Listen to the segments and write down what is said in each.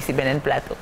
ci beneen plateau.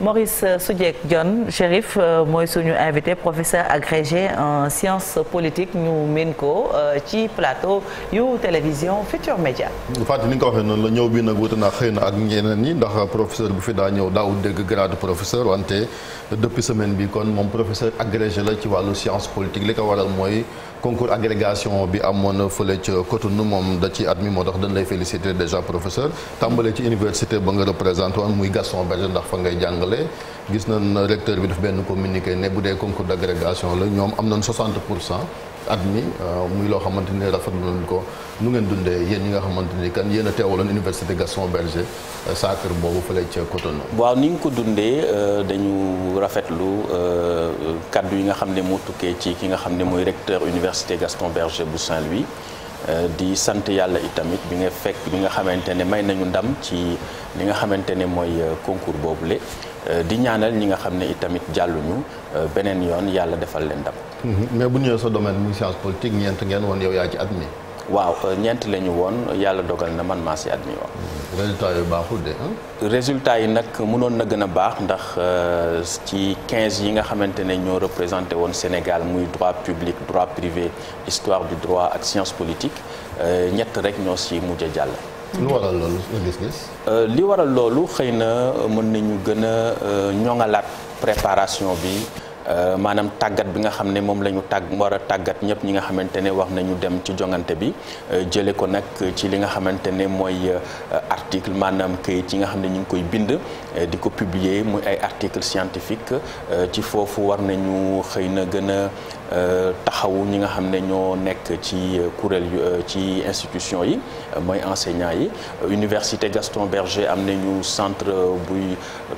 Maurice eh, Soudieck Dione Chérif eh, mooy suñu invité professeur agrégé en sciences politiques ñu mën ko eh, ci plateau yu télévision Futurs Médias. Fatou ni nga ko waxee noonu la ñëw bi nag wute naa xëy na ak ñeneen ñi ndax professeur bu fi daa ñëw daaw dégg grade professeur wante depuis semaine bi kon moom professeur agrégé la ci wàllu science politique li ko waral mooy. concours agrégation bi amoon fële ca Cotonou moom da ci admis moo tax dañ lay féliciter déjà professeur tàmbale ci université ba nga représenté woon muy gason Berger ndax fa ngay jàngale gis nañ recteur bi daf benn communiqué ne bu dee concours d' agrégation la ñoom am nañ 60 pour cent at mi euh, muy loo xamante ni rafetlu nañ ko nu ngeen dundee yéen ñi nga xamante ni kan yéen a teewaloon université Gaston Berger euh, saa kër boobu fële ca Cotonou. waaw ni ñu ko dundee euh, dañu rafetlu kaddu yi nga xam ne moo tukkee ci ki nga xam ne mooy recteur université Gaston Berger bu Saint-Louis di sant yàlla itamit bi nga fekk bi nga xamante ne may nañu ndam ci li nga xamante ne mooy concours le di ñaanal ñi nga xam ne itamit jàlluñu beneen yoon yàlla defal leen ndam. Mhm. mais bu ñëwee sa domaine muy science politique ñeent ngeen woon yow yaa ci admis. waaw euh, ñeent la woon yàlla dogal na man ma si admis woon. Mhm. résultat yu baaxul de. résultat yi nag mënoon na gën a baax ndax euh, ci 15 yi nga xamante ne ñoo représenté woon Sénégal muy droit publique droit privé histoire du droit ak science politique euh, ñett rek ñoo si mujj jàll. lu waral loolu nga gis-gis. li waral loolu xëy na mën nañu gën a ñoŋalaat préparation bi. Euh, maanaam tàggat bi nga xam ne moom la ñu tàgg war a tàggat ñëpp ñi nga xamante ne wax nañu dem ci jongante bi euh, jële ko nag ci li nga xamante ne mooy euh, article maanaam këyit yi nga xam ne ñu ngi koy bind di ko publier muy ay article scientifique ci foofu war nañu xëy na gën a Euh, taxawu ñi nga xam ne ñoo nekk ci euh, kuréel yu euh, ci institution yi mooy enseignants yi université Gaston Berger am nañu centre buy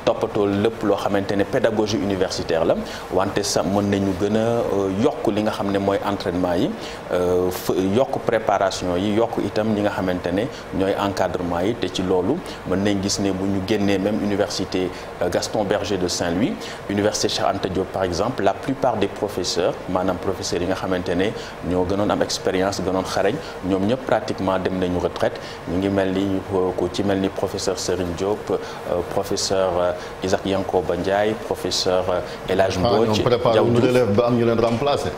toppatoo lépp loo xamante ne pédagogie universitaire la wante sax mën nañu gën a yokk li nga xam ne mooy entraînement yi yokk préparation yi yokk itam ñi nga xamante ne ñooy encadrement yi te ci loolu mën nañ gis ne bu ñu génnee même université Gaston Berger de Saint-Louis université Cheikh Anta Diop par exemple la plupart des professeurs maanaam professeurs yi nga xamante ne ñoo gënoon am expérience gënoon xarañ ñoom ñëpp pratiquement dem nañu retraite ñu ngi mel ni euh, ku ci mel ni professeur Serigne Diop euh, professeur euh, Isaac ba Ndiaye professeur El Hadj ah, Mbodj. jaw ba am ñu leen remplacer.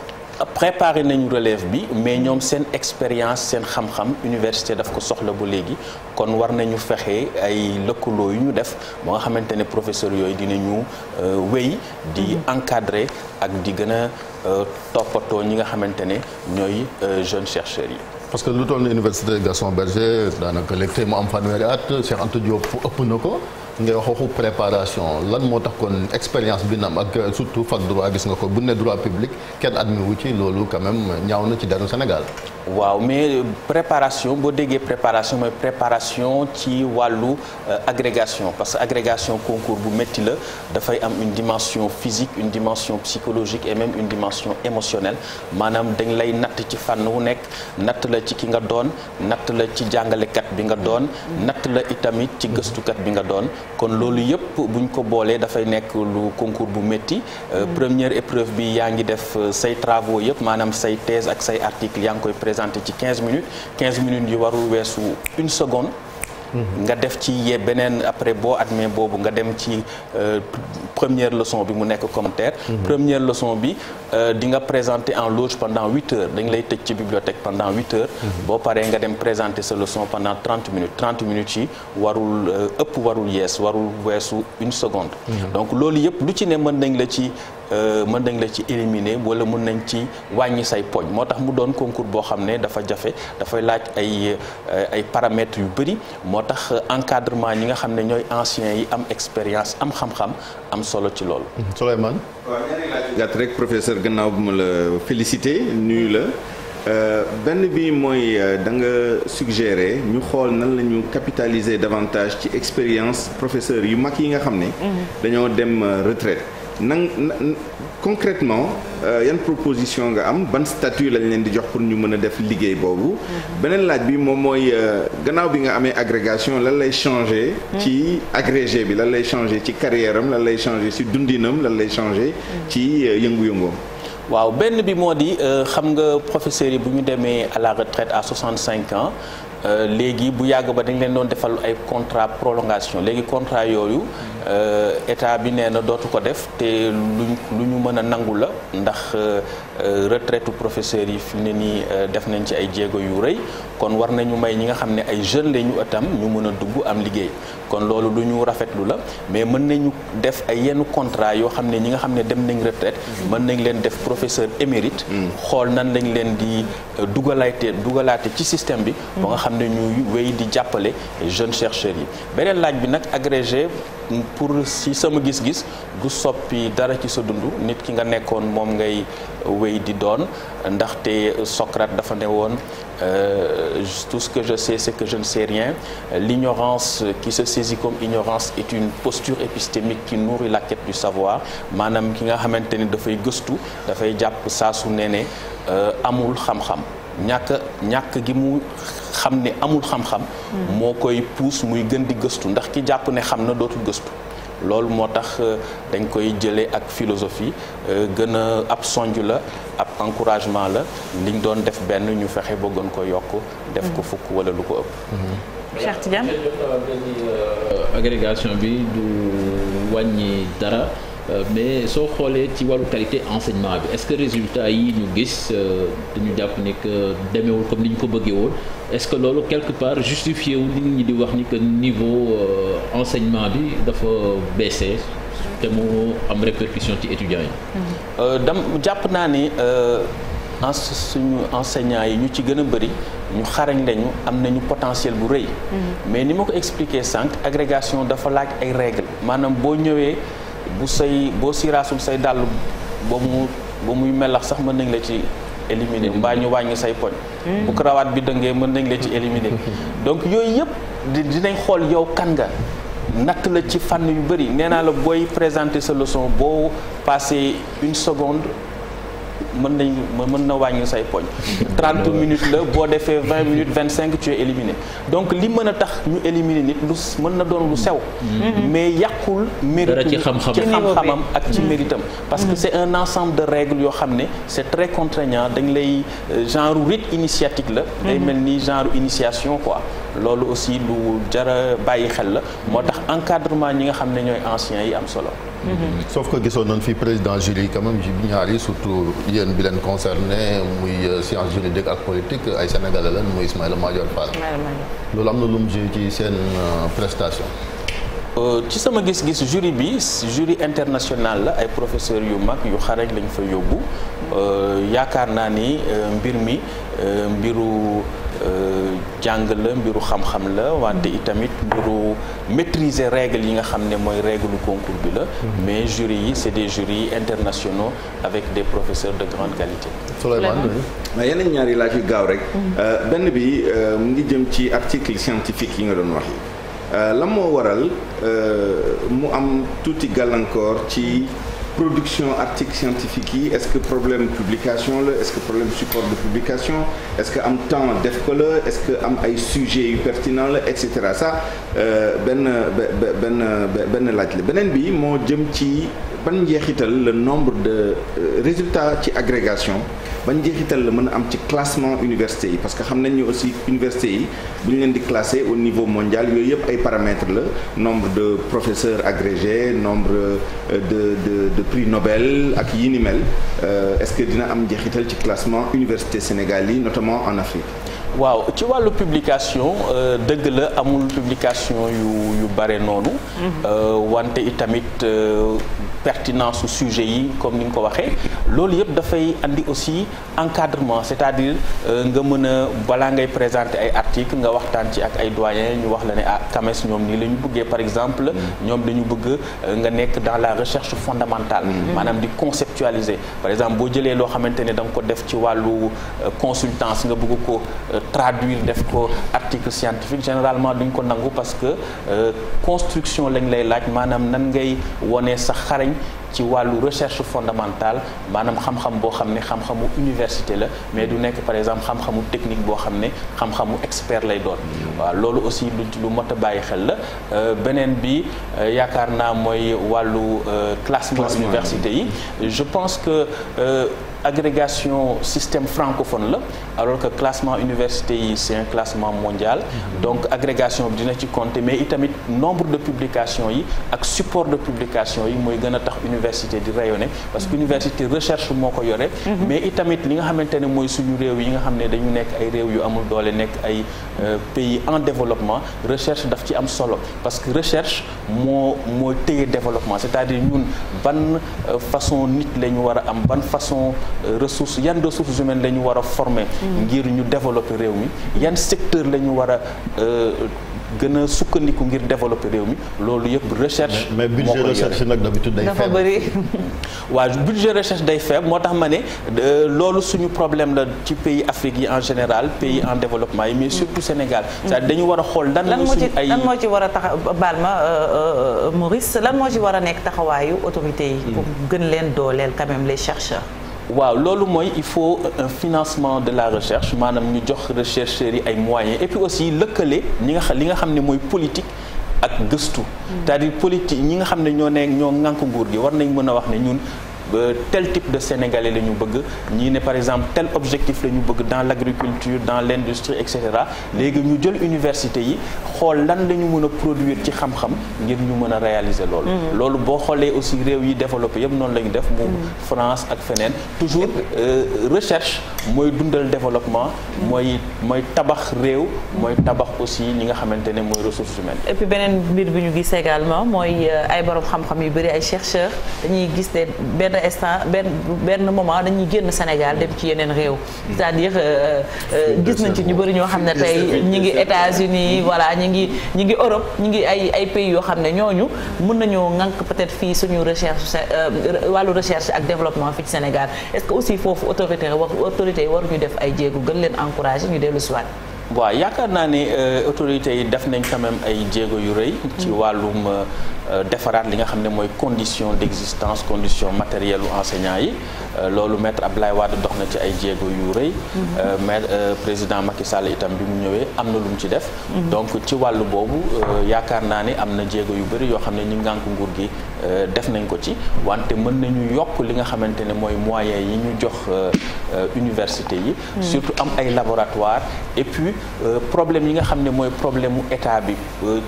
préparer nañu relève bi mais ñoom seen expérience seen xam-xam université daf ko soxla bu léegi kon war nañu fexe ay lëkkaloo yu ñu def moo nga xamante ne professeurs yooyu dinañu euh, wéy di mhm. encadrer ak di gën a euh, toppatoo ñi nga xamante ne ñooy euh, jeunes chercheurs yi. parce que lu toll ni université Gaston Berger daanaka léegi tey mu am fanweeri at Cheikh Anta Diop ëpp na ko. ngay wax waxu préparation lan moo tax ko expérience bi nam ak surtout fac droit gis nga ko bu ne droit public kenn admis wu ci loolu quand même ñaaw na ci daru Sénégal waaw mais préparation boo déggee préparation mooy préparation ci wàllu euh, agrégation parce que agrégation concours bu métti la dafay am une dimension physique une dimension psychologique et même une dimension émotionnelle maanaam dañ lay natt ci fànn wu nekk natt la ci ki nga doon natt la ci jàngalekat bi nga doon natt la itamit ci gëstukat bi nga doon kon loolu yëpp buñ ko boolee dafay nekk lu concours bu métti euh, première épreuve bi yaa ngi def euh, say travaux yëpp maanaam say thèse ak say article yaa ngi koy présenté ci 15 minutes 15 minutes yu warul weesu une seconde. nga def ci ye beneen après boo admis boobu nga dem ci euh, première leçon bi mu nekk commentaire. Mhm. première leçon bi euh, di nga présenter en loge pendant huit heures dañ lay tëj ci bibliothèque pendant huit heures. Mhm. boo paree nga dem présenter sa leçon pendant trente minutes trente minutes yi warul euh, ëpp warul yees warul weesu une seconde. Mhm. loolu yëpp lu ci ne mën nañ la ci. Euh, mën nañ la ci éliminer wala mun nañ ci wàññi say poñ moo tax mu doon concours boo xam ne dafa jafe dafay laaj ay euh, ay paramètres yu bëri moo tax euh, encadrement ñi nga xam ne ñooy anciens yi am expérience am xam-xam am solo ci loolu. Mm-hmm. Souleymane. waaw gàtt rek professeur gannaaw bu ma la félicité nuyu la. benn bi mooy da nga suggéré ñu xool nan la ñu capitaliser davantage ci expérience professeur yu mag yi nga xam ne. Mm-hmm. dañoo dem retraite nan concrètement euh, yan proposition nga am ban statut lañ leen di jox pour ñu mën a def liggéey boobu. beneen laaj bi moom mooy euh, gannaaw bi nga amee agrégation lan lay changer. ci agrégé bi lan lay changer ci carrière am lan lay changer ci dundinam lan lay changer. ci euh, yëngu-yëngoom. waaw benn bi moo di xam nga professeurs yi bu ñu demee à la retraite à 65 ans léegi bu yàgg ba dañ leen doon defal ay contrat prolongation léegi contrat yooyu Euh, état bi nee na dootu ko def te luñ lu ñu mën a nangu la ndax euh, euh, retraite professeurs yi fi ne nii def nañ ci ay jéego yu rëy kon war nañu may ñi nga xam ne ay jeunes la ñu itam ñu mën a dugg am liggéey kon loolu lu ñu rafetlu la mais mën nañu def ay yenn contrat yoo xam ne ñi nga xam ne dem nañ retraite mën nañ leen def professeur émérite mm. xool nan lañ leen di dugalayte dugalaate ci système bi ba nga mm. xam ne ñuy wéy di jàppale jeunes chercheurs yi beneen laaj bi nag agrégé pour si sama gis-gis du soppi dara ci sa dund nit ki nga nekkoon moom ngay wéy di doon ndaxte Socrate dafa ne woon euh, tout ce que je sais c'est que je ne sais rien l'ignorance qui se saisit comme ignorance est une posture épistémique qui nourrit la du savoir maanaam ki nga xamante ni dafay gëstu dafay jàpp saa su ne ne euh, amul xam-xam ñàkk ñàkk gi mu xam ni amul xam-xam moo koy puus muy gën di gëstu ndax ki jàpp ne xam na dootu gëstu loolu moo tax euh, dañ koy jëlee ak philosophie euh, gën a ab sonj la ab encouragement la liñ doon def benn ñu fexe ba gën ko yokk def ko fukk wala lu ko ëpp mm-hmm. Cheikh Tidiane euh, agrégation bi du wàññi dara Euh, mais soo xoolee ci wàllu qualité enseignement bi est-ce que résultat yi ñu gis euh, dañu jàpp ni que demeewul comme ni ñu ko bëggee woon est-ce que loolu quelque part justifié wu nit ñi di wax ni que niveau euh, enseignement bi dafa baissé te mu am répercussion ci étudiants yi. jàpp naa ni en suñu enseignants yi ñu ci gën a bëri ñu xarañ lañu am nañu potentiel bu rëy. Mm-hmm. mais ni ma ko expliqué sànq agrégation dafa laaj ay règles maanaam boo ñëwee. bu say boo siraasul say dàll ba mu ba muy melax sax mën nañ la ci éliminer mbaa ñu wàññi say poñ hmm. bu karawaat bi dëngee mën nañ la ci éliminer donc yooyu yëpp di dinañ xool yow kan nga natt la ci fànn yu bëri nee naa la booy présenter sa leçon boo passé une seconde mën nañ mën na wàññi say poñ 30 minutes la boo defee 20 minutes 25 tu es éliminé donc li mën a tax ñu éliminer nit lu mën na doon lu sew mm-hmm. mais yàqul mérite ci xam-xamam ak ci méritam mm-hmm. parce que c'est un ensemble de règles yoo xam ne c'est très contraignant dañ lay euh, genre rite initiatique la day mm-hmm. mel ni genre initiation quoi loolu aussi lu jara bàyyi xel la moo tax encadrement ñi nga xam ne ñooy anciens yi am solo Mm-hmm. sauf que gisoon nañ fi président jury quand même ñaar yi surtout yéen bi leen concerné muy euh, science juridique ak politique ay sénégalais lan muy Ismaïla Madior Fall loolu am na lu mu joué ci seen euh, prestation euh, ci sama gis-gis jury bi jury international la ay professeurs yu mag yu xarañ lañu fa yóbbu yaakaar naa ni mbir mi mbiru Euh, jàng la mbiru xam-xam la wante itamit mbiru maîtriser règle yi nga xam ne mooy règle concours bi la mm-hmm. mais jury yi c'est des jurys internationaux avec des professeurs de grande qualité waaw yeneen ñaari laaj yu gaaw rek mm-hmm. euh, benn bi euh, mu ngi jëm ci article scientifique yi nga doon wax yi lan moo waral mu am tuuti gàllankoor ci production article scientifique yi est-ce que problème publication la est-ce que problème support de publication est-ce que am temps def ko la est-ce que am ay sujets yu pertinent la et cetera ça euh, benn benn benn laaj la beneen bi moo jëm ci. ban njeexital la nombre de euh, résultat ci agrégation ban njeexital la mën a am ci classement université yi parce que xam nañ ne aussi université yi bu ñu leen di classé au niveau mondial yooyu yëpp ay paramètres la nombre de professeurs agrégés nombre euh, de de de prix Nobel ak yi ni mel euh, est-ce que dina am njeexital ci classement université Sénégal yi notamment en Afrique waaw ci wàllu publication euh, dëgg la amul publication yu yu bare noonu. Mhm. Euh, wante itamit euh, pertinence su sujet yi comme ni nga ko waxee loolu yëpp dafay indi aussi encadrement c'est-à-dire nga mën a balaa ngay présenter ay articles nga waxtaan ci ak ay doyens ñu wax la ne ah CAMES ñoom nii la ñu bëggee par exemple. Mhm. ñoom dañu bëgg nga nekk dans la recherche fondamentale. Mhm. maanaam di conceptualiser par exemple boo jëlee loo xamante ne da nga ko def ci wàllu consultance nga bëgg ko traduire def ko article scientifique généralement duñ ko nangu parce que euh, construction lañ lay laaj maanaam nan ngay wone sax xarañ ci wàllu recherche fondamentale maanaam xam-xam boo xam ne xam-xamu université la mais du nekk par exemple xam-xamu technique boo xam ne xam-xamu expert lay doon waaw loolu aussi lu lu mot a bàyyi xel la euh, beneen bi euh, yaakaar naa mooy wàllu classement université yi je pense que agrégation système francophone la alors que classement université yi c'est classement mondial donc agrégation bi dina ci compter mais itamit nombre de publication yi ak support de publication yi mooy gën a tax université di rayonner parce que université recherche moo ko yore mhm. mais itamit li nga xamante ne mooy suñu réew yi nga xam ne dañu nekk ay réew yu amul doole nekk ay euh, pays en développement recherche daf ci am solo parce que recherche moo moo téye développement cest à ban euh, façon nit la war a am ban façon ressources yan ressources humaines la ñu war a former. Mm. ngir ñu développer réew mi yan secteur la ñu war a euh, gën a sukkandiku ngir développer réew mi loolu yëpp recherche. mais budget recherche nag d'habitude day faible dafa bari waaw budget recherche day faible moo tax ma ne euh, loolu suñu problème la ci pays Afrique yi en général pays en développement yi mais mm. surtout Sénégal. Mm. cest dañu war a xool lan la suñu ay moo ci war a tax baal ma euh, Maurice lan moo ci war a nekk taxawaayu autorité yi. pour gën leen dooleel quand même les chercheurs. waaw loolu mooy il faut un financement de la recherche maanaam ñu jox rechercheurs yi ay moyen et aussi lëkkale ñi nga xam li nga xam ne mooy politique ak gëstu. Mm. cest à ñi nga xam ne ñoo ne ñoo ŋànk nguur gi war nañ mën a wax ne ñun. tel type de sénégalais la ñu bëgg ñii ne par exemple tel objectif la ñu bëgg dans l' dans l' industrie et cetera léegi ñu jël université yi xool lan la ñu mën a produire ci xam-xam ngir ñu mën a réaliser loolu. Mm-hmm. loolu boo xoolee aussi réew yi développé yëpp noonu lañu def. mu mm-hmm. France ak feneen toujours euh, recherche mooy dundal développement. mooy mooy tabax réew. mooy tabax aussi ñi nga xamante ne mooy ressources humaines. et beneen mbir bi ñu gis également mooy euh, instant benn benn moment dañuy génn Sénégal dem ci yeneen réew c'est-à-dire euh, euh, gis nañ ci ñu bëri ñoo xam ne tey ñi ngi États-Unis mm-hmm. voilà ñi ngi ñi ngi Europe ñi ngi ay ay pays yoo xam ne ñooñu mën nañoo ŋànk peut-être fii suñu recherche euh, wàllu recherche ak développement fii Sénégal est-ce que aussi foofu autorité autorité waruñu def ay jéego gën leen encourager ñu dellu si waat waaw yaakaar naa ne euh, autorités yi def nañ quand ay jéego yu rëy. ci mm. wàllum euh, defaraat li nga xam ne mooy condition d'existence condition matérielle u enseignants yi Euh, loolu maître Abdoulaye Wade dox na ci ay jéego yu rëy. Mhm. Euh, maître euh, président Macky Sall itam bi mu ñëwee am na lu mu ci def. Mhm. donc ci wàllu boobu yaakaar naa ni am na jéego yu bëri yoo xam ne ñu ngànk nguur gi def nañ ko ci wante mën nañu yokk li nga xamante ne mooy moyens yi ñu jox université yi. Mhm. surtout am ay laboratoire et puis problème yi nga xam ne mooy problème mu état bi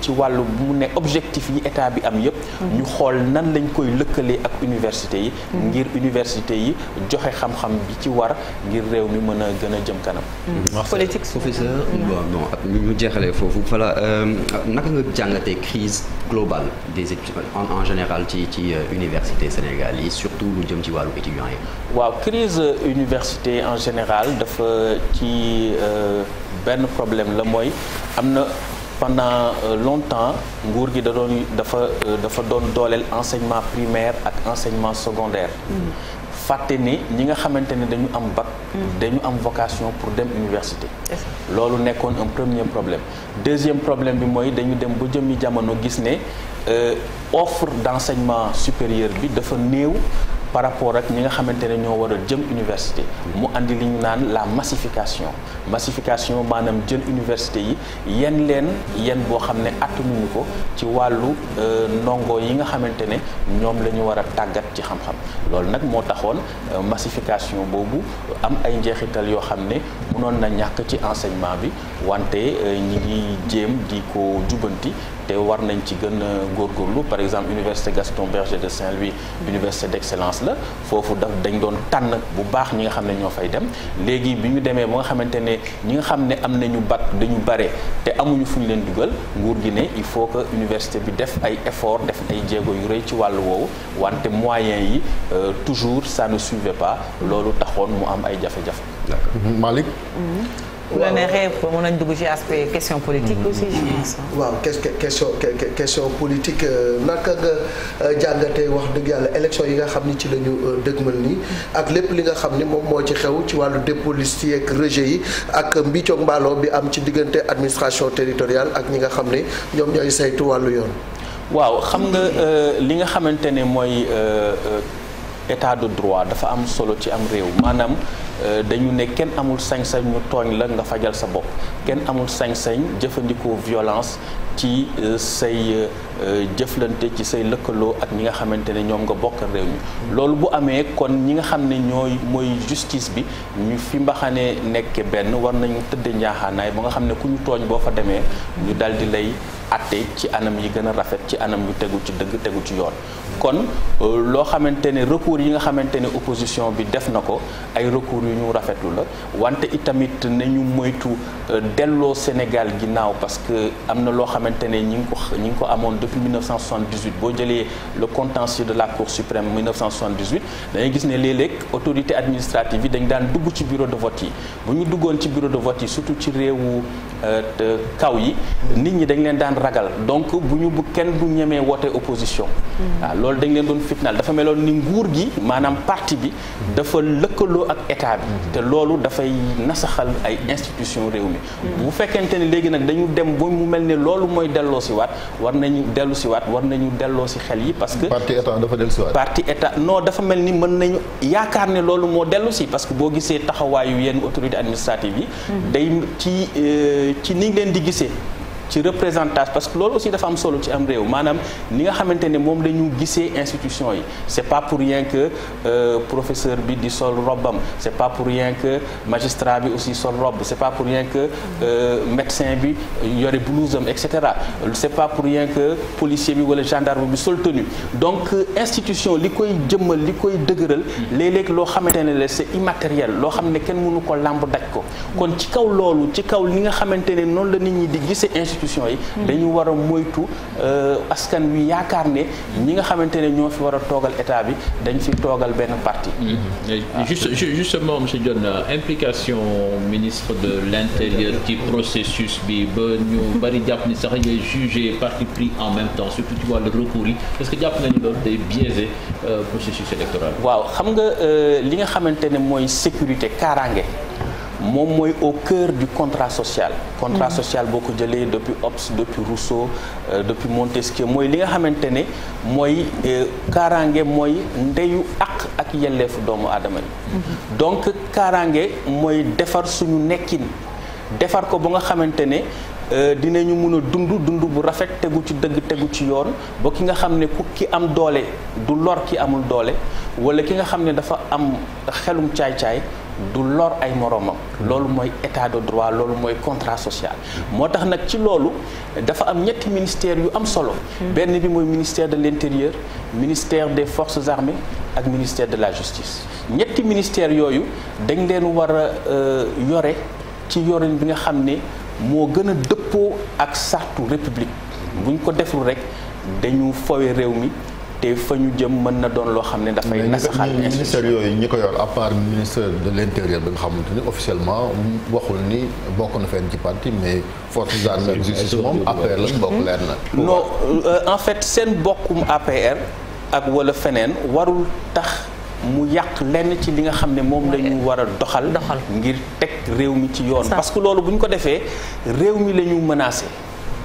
ci wàllu mu ne objectif yi état bi am yëpp. ñu xool nan lañ koy lëkkalee ak université yi. ngir université joxe xam-xam bi ci war ngir réew mi mën a gën a jëm kanam. Mm-hmm. politique professeur bon ñu jeexalee foofu voilà euh, naka nga jàngatee crise globale des études en général ci ci euh, université Sénégal yi surtout lu jëm ci wàllu étudiants yi. waaw crise université en général dafa ci euh, benn problème la mooy am na. pendant longtemps nguur gi da dafa dafa doon dooleel enseignement primaire ak enseignement secondaire. Mm-hmm. fàtte ne ñi nga xamante ne dañu am bac mm. dañu am vocation pour dem université loolu nekkoon un premier problème deuxième problème bi mooy dañu dem ba jëmmi jamono gis ne euh, offre d'enseignement supérieur bi dafa néew par rapport ak ñi nga xamante ne ñoo war a jëm université mm-hmm. mu indi li ñu naan la massification massification maanaam jël université yi yen leen yen boo xam ne attanuñu ko ci wàllu euh, ndongo yi nga xamante ne ñoom la ñu war a tàggat ci xam-xam loolu nag moo taxoon euh, massification boobu am ay njeexital yoo xam ne mënoon na ñàkk ci enseignement bi wante euh, ñi ngi jéem di ko jubanti te war nañ ci gën a par exemple université Gaston Berger de Saint-Louis université d'excellence la foofu daf dañ doon tànn bu baax ñi nga xam ne ñoo fay dem léegi bi ñu demee ba nga xamante ne ñi nga xam ne am ñu bac dañu bare te amuñu fu ñu leen dugal nguur gi ne il faut que université bi def ay effort def ay jéego yu rëy ci wàllu woowu wante moyens yi euh, toujours ça ne suivait pas loolu taxoon mu am ay jafe-jafe. Malick. Mm-hmm. bu la nañ dugg ci aspect question politique mhm. aussi je mhm. pense. waaw question question politique euh, naka nga euh, jàngatee wax dëgg yàlla élection yi nga xam ni ci la ñu euh, dëgmal nii ak lépp li nga xam ni moom moo ci xew ci wàllu dépôt liste yi ak yi ak mbiccoog mbaaloo bi am ci diggante administration territoriale ak ñi nga xam ne ñoom ñooy saytu wàllu yoon. waaw xam nga li nga xamante ne mooy état de droit dafa am solo ci am réew maanaam euh, dañu ne kenn amul sañ-sañ ñu tooñ la nga fajal sa bopp kenn amul sañ-sañ jëfandikoo violence ci euh, say euh, jëflante ci say lëkkaloo ak ñi nga xamante ne ñoom nga bokk réew mi loolu bu amee kon ñi nga xam ne ñooy mooy justice bi ñu fi mbaxanee nekk benn war nañu tëdd njaaxaanaay ba nga xam ne ku ñu tooñ boo fa demee ñu daldi lay atte ci anam yi gën a rafet ci anam yu tegu ci dëgg tegu ci yoon kon euh, loo xamante ne recours yi nga xamante ne opposition bi def na ko ay recours yu ñu rafetlu la wante itamit nañu moytu euh, delloo Sénégal ginnaaw parce que am na loo xamante ne ñi ngi ko ñi ngi ko amoon depuis 1978 boo jëlee le contentieux de la Cour suprême 1978 dañuy gis ne léeg-léeg autorité administrative yi dañ daan dugg ci bureau de vote yi bu ñu duggoon ci bureau de vote yi surtout ci réewu Euh, kaw yi nit ñi dañ leen daan ragal donc bu ñu bu kenn du ñemee woote opposition waaw mm-hmm. ah, loolu dañ leen doon fitnaal dafa meloon ni nguur gi maanaam parti bi mm-hmm. dafa lëkkaloo ak état bi mm-hmm. te loolu dafay nasaxal ay institution réew mi bu fekkente ne léegi nag dañu dem ba mu mel ne loolu mooy delloo si waat war nañu dellu si waat war nañu delloo si xel yi parce que parti état dafa dellu si waat parti état non dafa mel ni mën nañu yaakaar ne loolu moo dellu si parce que boo gisee taxawaayu yenn autorité administrative yi ci ni ñu leen di gisee ci représentation parce que loolu aussi dafa am solo ci am réew maanaam ni nga xamante ne moom la ñu gisee institution yi c' est pas pour rien que euh, professeur bi di sol robbam c' est pas pour rien que bi aussi sol robe est pas pour rien que euh, médecin bi yore blouse am et cetera est pas pour rien que policier bi wala gendarme bi sol tenue donc euh, institution li koy jëmmal li koy dëgëral léeg-léeg loo xamante ne la c' est immatériel loo xam ne kenn mënu ko làmb daj ko kon ci kaw loolu ci kaw li nga xamante institution yi dañu war a moytu euh, askan wi yaakaar ne ñi nga xamante ne ñoo fi war a toogal état bi dañ fi toogal benn parti mm-hmm. ah, juste justement monsieur Dione euh, implication ministre de l'intérieur ci processus bi ba ñu bari jàpp ni sax yooy jugé parti pris en même temps surtout ci wàllu recours yi parce que jàpp nañu loolu day biaisé euh, processus électoral waaw xam nga li nga xamante ne mooy sécurité kaaraange moom mooy au cœur du contrat social contrat mm. social boo ko jëlee depuis Hobbes depuis Rousseau euh, depuis Montesquieu mooy li nga xamante ne mooy euh, kaaraange mooy ndeyu ak ak yelleefu doomu aadama yi mm-hmm. donc kaaraange mooy defar suñu nekkin defar ko ba nga xamante ne euh, dinañu mun a dund dund bu rafet tegu ci dëgg tegu ci yoon ba ki nga xam ne ku ki am doole du lor ki amul doole wala ki nga xam ne dafa am xelum caay-caay du lor ay moroomam loolu mooy état de droit loolu mooy contrat social moo tax nag ci loolu dafa am ñetti ministère yu am solo benn bi mooy ministère de l'intérieur ministère des forces armées ak ministère de la justice ñetti ministère yooyu dañ leen war a euh, yore ci yorin bi nga xam ne moo gën a dëppoo ak sartu république buñ ko deful rek dañu fowe réew mi te fa ñu jëm mën na doon loo xam ne dafay nasaxal ministère yooyu ñi ko yor à part ministère de l' intérieur bi nga xamante ni officiellement waxul ni bokk na fenn ci parti mais forces armées justice moom APR la bokk leer na non euh, en fait seen bokkum APR ak wala feneen warul tax mu yàq lenn ci li nga xam ne moom la ñu war a doxal ngir teg réew mi ci yoon parce que loolu bu ñu ko defee réew mi la ñu menacé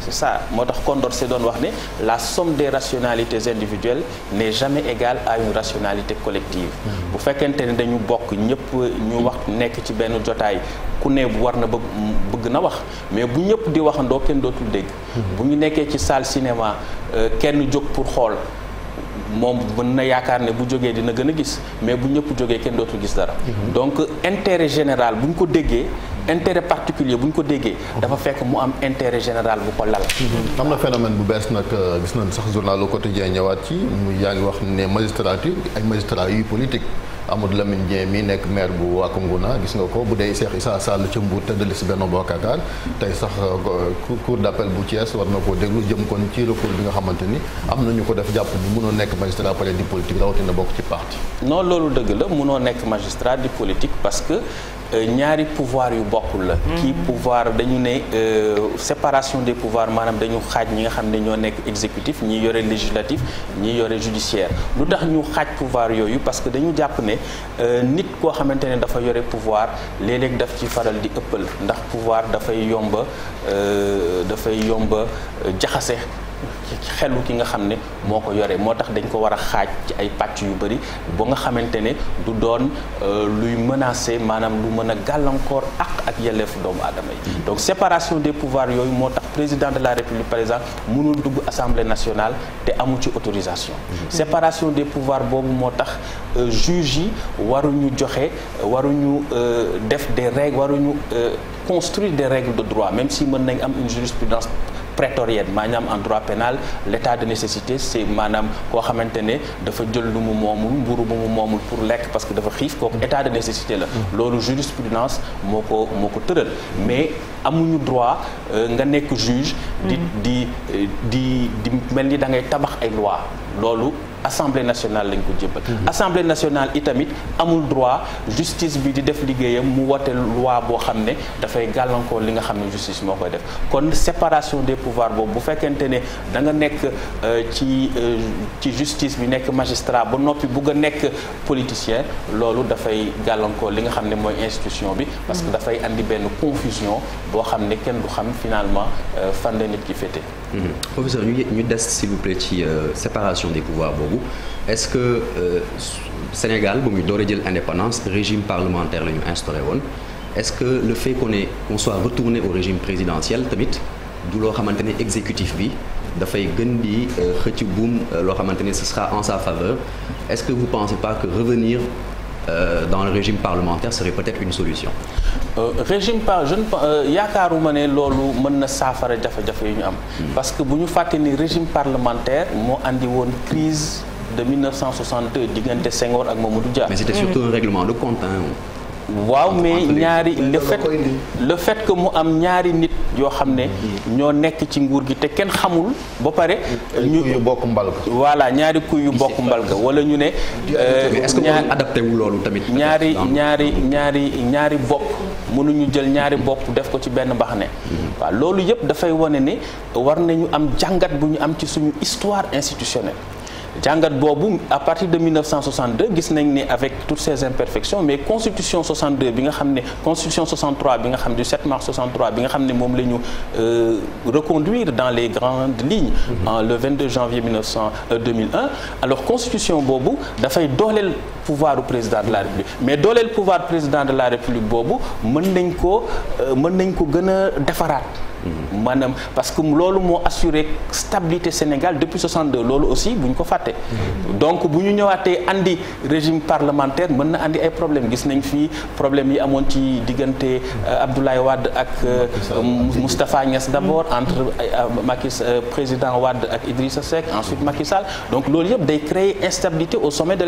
c'est ça moo tax se doon wax ne la somme des rationalités individuelles n'est jamais égale à une rationalité collective bu fekkente ne dañu bokk ñëpp ñu wax nekk ci benn jotaay ku ne bu war na bëgg bëgg na wax mais bu ñëpp di waxandoo kenn dootul dégg bu ñu nekkee ci salle cinéma euh, kenn jóg pour xool moom mën na yaakaar ne bu jógee dina gën a gis mais bu ñëpp jógee kenn dootul gis dara. Mhm. donc intérêt général bu ñu ko déggee. intérêt particulier bu ñu ko déggee. dafa fekk mu am intérêt général bu ko lal. Mhm. am na phénomène bu bees nag euh, gis nañ sax journal Le Quotidien ñëwaat ci muy yaa ngi wax ne magistrature ay magistrats yu politique. Amadou Lamine Dieng mi nekk maire bu Wakunguna gis nga ko bu dee Cheikh Issa ca Mbour te dellu si Benno Bokk Yaakaar tey sax euh, cour d'appel bu Thiès war na koo déglu jëm kon ci recours bi nga xamante ni am na ñu ko def jàpp ni mënoo nekk magistrat pare di politique rawatina bokk ci parti. non loolu dëgg la mënoo nekk magistrat di politique parce que. Euh, ñaari pouvoir yu bokkul la. Hmm. kii pouvoir dañu ne euh, séparation des pouvoirs maanaam dañu xaaj ñi nga xam ne ñoo nekk exécutif ñi yore législatif ñi yore judiciaire lu tax ñu xaaj pouvoir yooyu parce que dañu jàpp ne euh, nit koo xamante ne dafa yore pouvoir léeg daf ci faral di ëppal ndax pouvoir dafay yomba dafay yomba jaxase. xelu ki nga xam ne moo ko yoree moo tax dañ ko war a xaaj ci ay pàcc yu bëri ba nga xamante ne du doon euh, luy menacer maanaam lu mën a gàllankoor ak ak yelleefu doomu aadama yi mm-hmm. donc séparation des pouvoirs yooyu moo tax président de la république par exemple mënul dugg assemblée nationale te amu ci autorisation mm-hmm. séparation des pouvoirs boobu moo tax euh, juge yi waruñu joxe waruñu euh, def de règles waruñu construire des règles de droit même si mën nañ am une jurisprudence prétorienne maanaam en droit pénal l'état de nécessité c'est maanaam koo xamante ne dafa jël lu mu moomul mburu bu mu moomul pour lekk parce que dafa xiif kooku état de nécessité la loolu jurisprudence moo ko moo ko tëral mais amuñu droit euh, nga nekk juge di di di di mel ni da ngay tabax ay loi loolu assemblée nationale lañ ko jébbal. assemblée nationale itamit amul droit justice bi di def liggéeyam mu wote loi boo xam ne dafay gàllankoor li nga xam ne justice moo koy def kon séparation des pouvoirs bu fekkente ne da nga nekk euh, ci euh, ci justice bi nekk magistrat ba noppi bugg a nekk politicien loolu dafay gàllankoor li nga xam ne mooy institution bi. parce que mm. dafay indi benn confusion boo xam ne kenn du xam finalement euh, fan la nit ki féete. Mm-hmm. professeur ñu ñu des s'il vous plaît ci euh, séparation des pouvoirs boobu est-ce que euh, Sénégal bu muy door a jël indépendance régime parlementaire la ñu instauré woon est-ce que le fait qu'on est qu'on soit retourné au régime présidentiel tamit du loo xamante ne exécutif bi dafay gën di euh, xëcc buum loo xamante ne ce sera en sa faveur est-ce que vous pensez pas que revenir euh, dans le régime parlementaire serait peut-être une solution Euh, régime par jeune euh, yaakaaruma ne loolu mën na saafara jafe-jafe yu ñu am. Hmm. parce que bu ñu fàtte ni régime parlementaire moo andi woon crise de 1962 diggante Senghor ak Mamadou Dia. mais c'était surtout hmm. un règlement de compte hein. waaw mais ñaari le fait le que mu am ñaari nit yoo xam ne hmm. ñoo nekk ci nguur gi te kenn xamul ba pare ñu yu bokk ñaari kuy yu bokk mbalga wala ñu ne euh, est-ce que adapté loolu tamit ñaari ñaari ñaari ñaari bopp mënuñu jël ñaari bopp def ko ci benn mbax ne hmm. waaw loolu yëpp dafay wane ne war nañu am jàngat bu ñu am ci suñu histoire institutionnelle jàngat boobu à partir de 1962 gis nañ ne avec toutes ces imperfections mais constitution 62 bi nga xam ne constitution 63 bi nga xam ne du 7 mars 63 bi nga xam ne moom la ñu euh, reconduire dans les grandes lignes mm-hmm. euh, le 22 janvier 1900 2001 euh, alors constitution boobu dafay dooleel pouvoir du président de la république mais dooleel pouvoir président de la république boobu mën nañ ko euh, mën nañ ko gën a defaraat maanaam parce que loolu moo assuré stabilité Sénégal depuis 62 loolu aussi buñ ko fàtte. donc bu ñu ñëwaatee andi régime parlementaire mën na andi ay problème gis nañ fii problème yi amoon ci diggante euh, Abdoulaye Wade ak euh, Moustapha Niass d'abord entre Macky président Wade ak Idrissa Seck ensuite Macky Sall donc loolu yëpp day créer instabilité au sommet de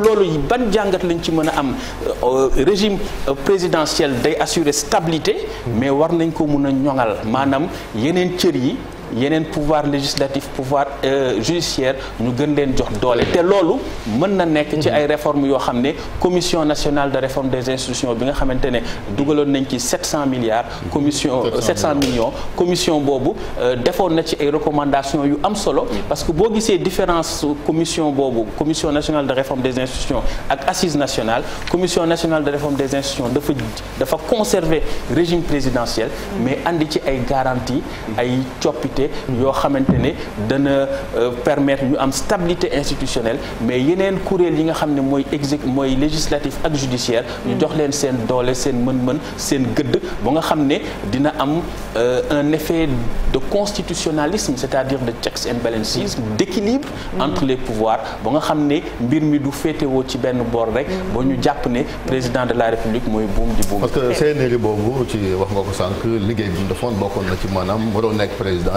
loolu ban jàngat lañ ci mën a am euh, régime euh, présidentielle day assurer stabilité mais war nañ ko mun a ñoŋal maanaam yeneen cër yi yeneen pouvoir législatif pouvoir euh, judiciaire ñu gën leen jox doole te loolu mën na nekk ci ay réformes yoo xam ne commission national de réforme des institutions bi nga xamante ne dugaloon nañ ci 700 milliards commission 700 euh, millions commission boobu euh, defoon na ci ay recommandations yu am solo parce que boo gisee différence commission boobu commission nationale de réforme des institutions ak assise nationale commission nationale de réforme des institutions dafa dafa conserver régime présidentiel mais ci ay garanties ay coppite autorité yoo xamante ne dana euh, permettre ñu am stabilité institutionnelle mais yeneen kuréel yi nga xam ne mooy exé mooy législatif ak judiciaire ñu jox leen seen doole seen mën-mën seen gëdd ba nga xam ne dina am euh, un effet de constitutionnalisme c'est-à-dire de checks and balances d'équilibre entre les pouvoirs ba nga xam ne mbir mi du féetewoo ci benn boor rek ba ñu jàpp ne président de la république mooy buum di buum parce que seen boobu ci wax nga ko sànq liggéey bi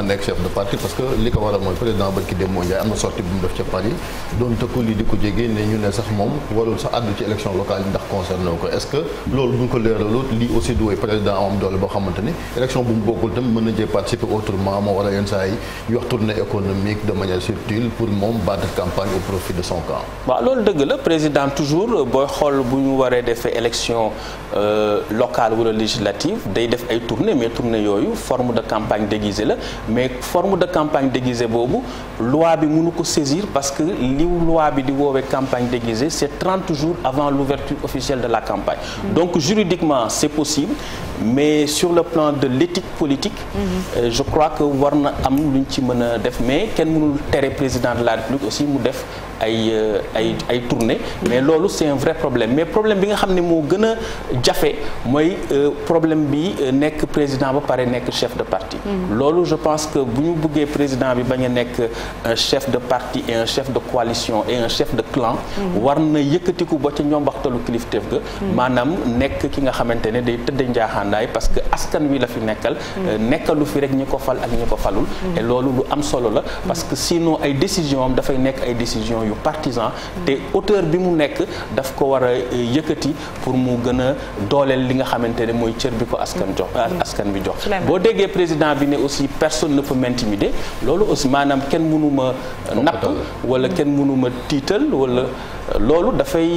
mu nekk chef de parti parce que li ko waral mooy président Barki Demba Ndiaye am na sorti bu mu def ca Paris doon tëkku lii di ko jege ne ñu ne sax moom warul sax àddu ci élection locale yi ndax concerné ko est-ce que loolu bu ñu ko leeralut lii aussi du way président am doole boo xamante élection bu mu bokkul tam mën na cee participer autrement moo war a yenn saa yi ñu de manière subtile pour moom battre campagne au profit de loolu dëgg la président toujours euh, booy xool bu ñu waree defee élection euh, locale wala législative la. mais forme de campagne déguisée boobu loi bi munu ko saisir parce que li loi bi di woowee campagne déguisée c'est trente jours avant l'ouverture officielle de la campagne donc juridiquement c'est possible mais sur le plan de l'éthique politique mm-hmm. euh, je crois que war na am lu ñu ci mën a def mais kenn mënul tere président de la République aussi mu def ay euh, ay ay tournée mais loolu c'est un vrai problème mais problème bi nga xam ne moo gën a jafe mooy euh, problème bi euh, nekk président ba pare nekk chef de parti mm-hmm. pense que bu ñu bëggee président bi bañ a nekk un chef de parti et un chef de coalition et un chef de clan. war na yëkkatiku ba ca ñoom waxtalu kilifteef ga. maanaam nekk ki nga xamante ne day tëdd njaaxaandaay parce que askan wi la fi nekkal. nekkalu fi rek ñi ko fal ak ñi ko falul. loolu lu am solo la parce que sinon ay décision am dafay nekk ay décision yu partisan. te auteur bi mu nekk daf ko war a euh, yëkkati pour mu gën a dooleel li nga xamante ne mooy cër bi ko ne peut m'intimider loolu aussi maanaam kenn mënu ma euh, napp wala kenn mënuma tiital wala euh, loolu dafay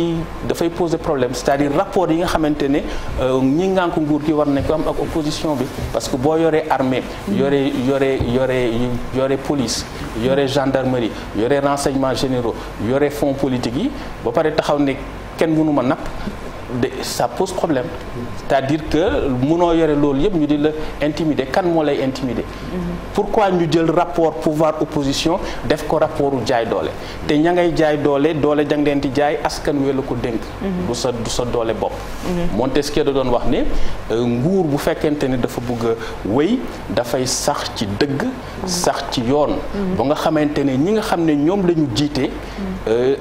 dafay poser problème c'est-à-dire rapport yi nga xamante ne euh, ñi ngànk nguur gi war nañ ko am ak opposition bi parce que boo yoree armée yore yore yore yore police yore gendarmerie yore renseignements généraux yore fonds politiques yi ba pare taxaw ne kenn mënu ma napp de ça pose problème c'est-à-dire que munoo yore loolu yëpp ñu di la intimider kan moo lay intimider mm-hmm. pourquoi ñu jël rapport pouvoir opposition def ko rapportu jaay doole te ña ngay jaay doole doole jang leen di jaay askan wee la ko dénk mm-hmm. du sa sa doole bopp mm-hmm. Montesquieu da doon wax ne euh, nguur bu fekkente ne dafa bëgg a dafay sax ci dëgg sax ci yoon ba nga xamante ne ñi nga xam ne ñoom lañu ñu jiite euh,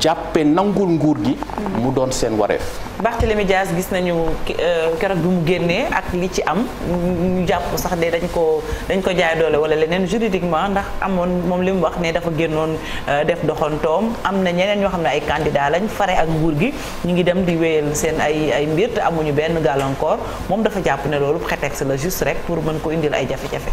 jàppe nangul nguur gi mu doon seen wareef Barthélémy Dias gis nañu euh, keroog bi mu génnee ak li ci am ñu jàpp sax de dañ ko dañ ko jaay doole wala leneen juridiquement ndax amoon moom li mu wax ne dafa génnoon euh, def toom am na ñeneen ñoo xam ne ay candidat lañ fare ak nguur gi ñu ngi dem di wéyal seen ay ay mbir te amuñu benn gàllankoor moom dafa jàpp ne loolu prétexte la juste rek pour mën ko indil ay jafe-jafe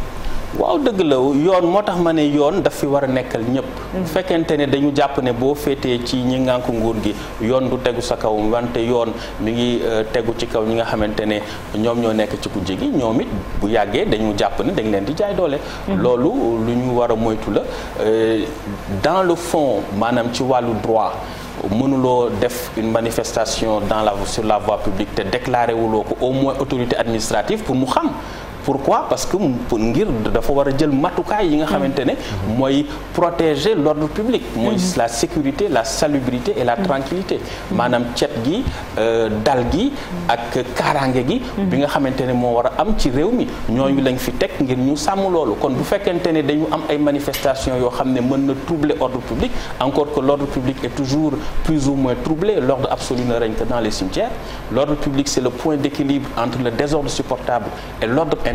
waaw dëgg la yoon moo tax ma ne yoon daf fi war a nekkal ñëpp. bu mm-hmm. fekkente ne dañu jàpp ne boo féetee ci ñi ngànk nguur gi yoon du tegu sa kaw wante yoon mi ngi euh, tegu ci kaw ñi nga xamante ne ñoom ñoo nekk ci kujje gi ñoom it bu yàggee dañu jàpp ne dañ leen di jaay doole. Mm-hmm. loolu lu ñu war a moytu la euh, dans le fond maanaam ci wàllu droit. mënuloo def une manifestation dans la sur la voie publique te déclaré wuloo ko au moins autorité administrative pour mu xam. pourquoi parce que ngir dafa war a jël matukaay yi nga xamante ne mooy protéger l'ordre public mooy mm-hmm. la sécurité la salubrité et la mm-hmm. tranquillité mm-hmm. maanaam cet gi euh, dal gi ak kaaraange gi bi nga xamante ne moo war a am ci réew mi ñooñu lañ fi teg ngir ñu sàmm loolu kon bu fekkente ne dañu am ay manifestation yoo xam ne mën na troubler ordre public encore que l'ordre public est toujours plus ou moins troublé l'ordre absolu ne règne que dans les cimetières l'ordre public c'est le point d'équilibre entre le désordre supportable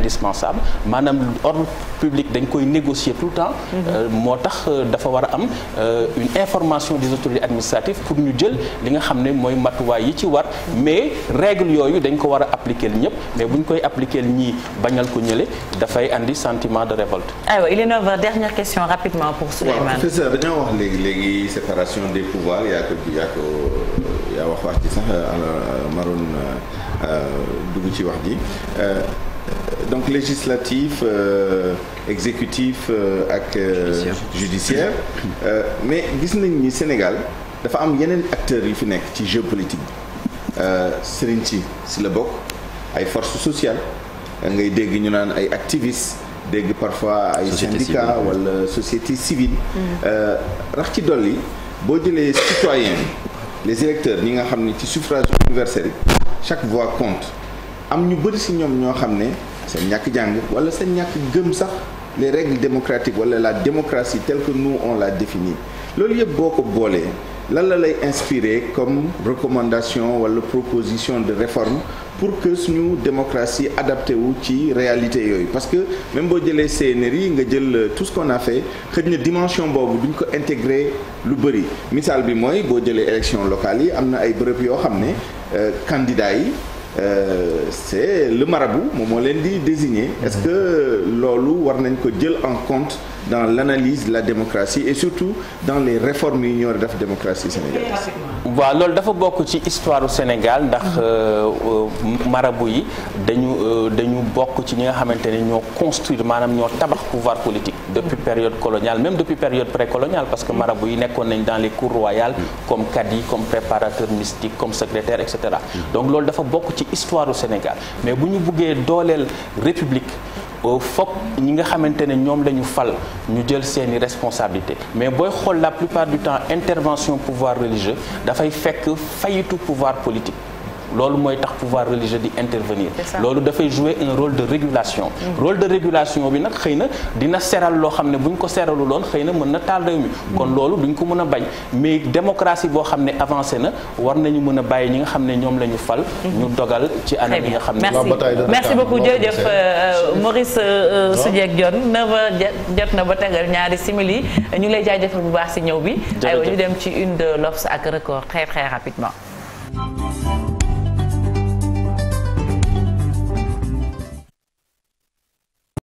indispensable maanaam ordre public dañ koy négocier tout le temps. Euh, moo tax euh, dafa war a am euh, une information des autorités administratives pour ñu jël li nga xam ne mooy matuwaay yi ci war. mais règle yooyu dañ ko war a appliquer ñëpp mais bu ñu koy appliquer ñii bañal ko ñële dafay andi sentiment de révolte. aywa il est 9h dernière question rapidement pour Souleymane. professeur dañoo wax léegi léegi séparation des pouvoirs yaa ko yaa ko yaa wax wax ci sax Maroon dugg ci wax donc législatif euh, exécutif euh, ak. Euh, judiciaire mais gis nañ ni Sénégal dafa am yeneen acteurs yu fi nekk ci jeu politique bi sëriñ ci si la bokk ay forces sociales ngay dégg ñu naan ay activistes dégg parfois ay syndicats wala société civile mm. rax ci dolli boo jëlee citoyen les électeurs ñi nga xam ne ci suffrage universel chaque voix compte am ñu bëri si ñoom ñoo xam ne seen ñàkk jàng wala seen ñàkk gëm sax les règles démocratiques wala la démocratie telle que nous on l'a définie loolu yëpp boo ko boolee lan la lay inspiré comme recommandation wala proposition de réforme pour que suñu démocratie adapté wu ci réalité yooyu parce que même boo jëlee CNRI nga jël euh, tout ce qu'on na dimension boobu duñ ko intégré lu bëri misaal bi mooy boo jëlee élection locale yi am na ay bërëb yoo xam ne euh, candidats yi Euh, c'est le marabu moom moo leen di désigner est-ce que loolu war nañ ko jël en compte dans l'analyse de la démocratie et surtout dans les réformes yi ñu war def démocratie sénégalaise waaw loolu dafa bokk ci histoire du Sénégal ndax mm-hmm. euh, euh, marabout yi dañu euh, dañu bokk ci ñi nga xamante ne ñoo construire maanaam ñoo tabax pouvoir politique depuis période coloniale même depuis période précoloniale parce que marabout yi nekkoon nañ dans les cours royales comme cadi comme préparateur mystique comme secrétaire et cetera donc loolu dafa bokk ci histoire du Sénégal mais bu ñu buggee dooleel république foog ñi nga xamante ne ñoom la ñu fal ñu jël seeni responsabilité mais booy xool la plupart du temps intervention pouvoir religieux dafay fekk fayitu pouvoir politique loolu mooy tax pouvoir religieux di intervenir loolu dafay jouer un rôle de régulation mm-hmm. rôle de régulation bi nag xëy na dina seral loo xam ne bu ko seralu loon xëy na mën na taal réew mi mm-hmm. kon loolu duñ ko mën a bañ mais démocratie boo xam ne avancé na war nañu mën a bàyyi ñi nga xam ne ñoom la ñu fal mm-hmm. ñu dogal ci anam yi nga xam ne merci beaucoup jërëjëf euh, euh, Maurice euh, Soudieck Dione neuf heures jot na ba tegal ñaari simili ñu ngi lay jaajëfal bu baax si ñëw bi aywa ñu dem ci une de l'Obs ak record très très rapidement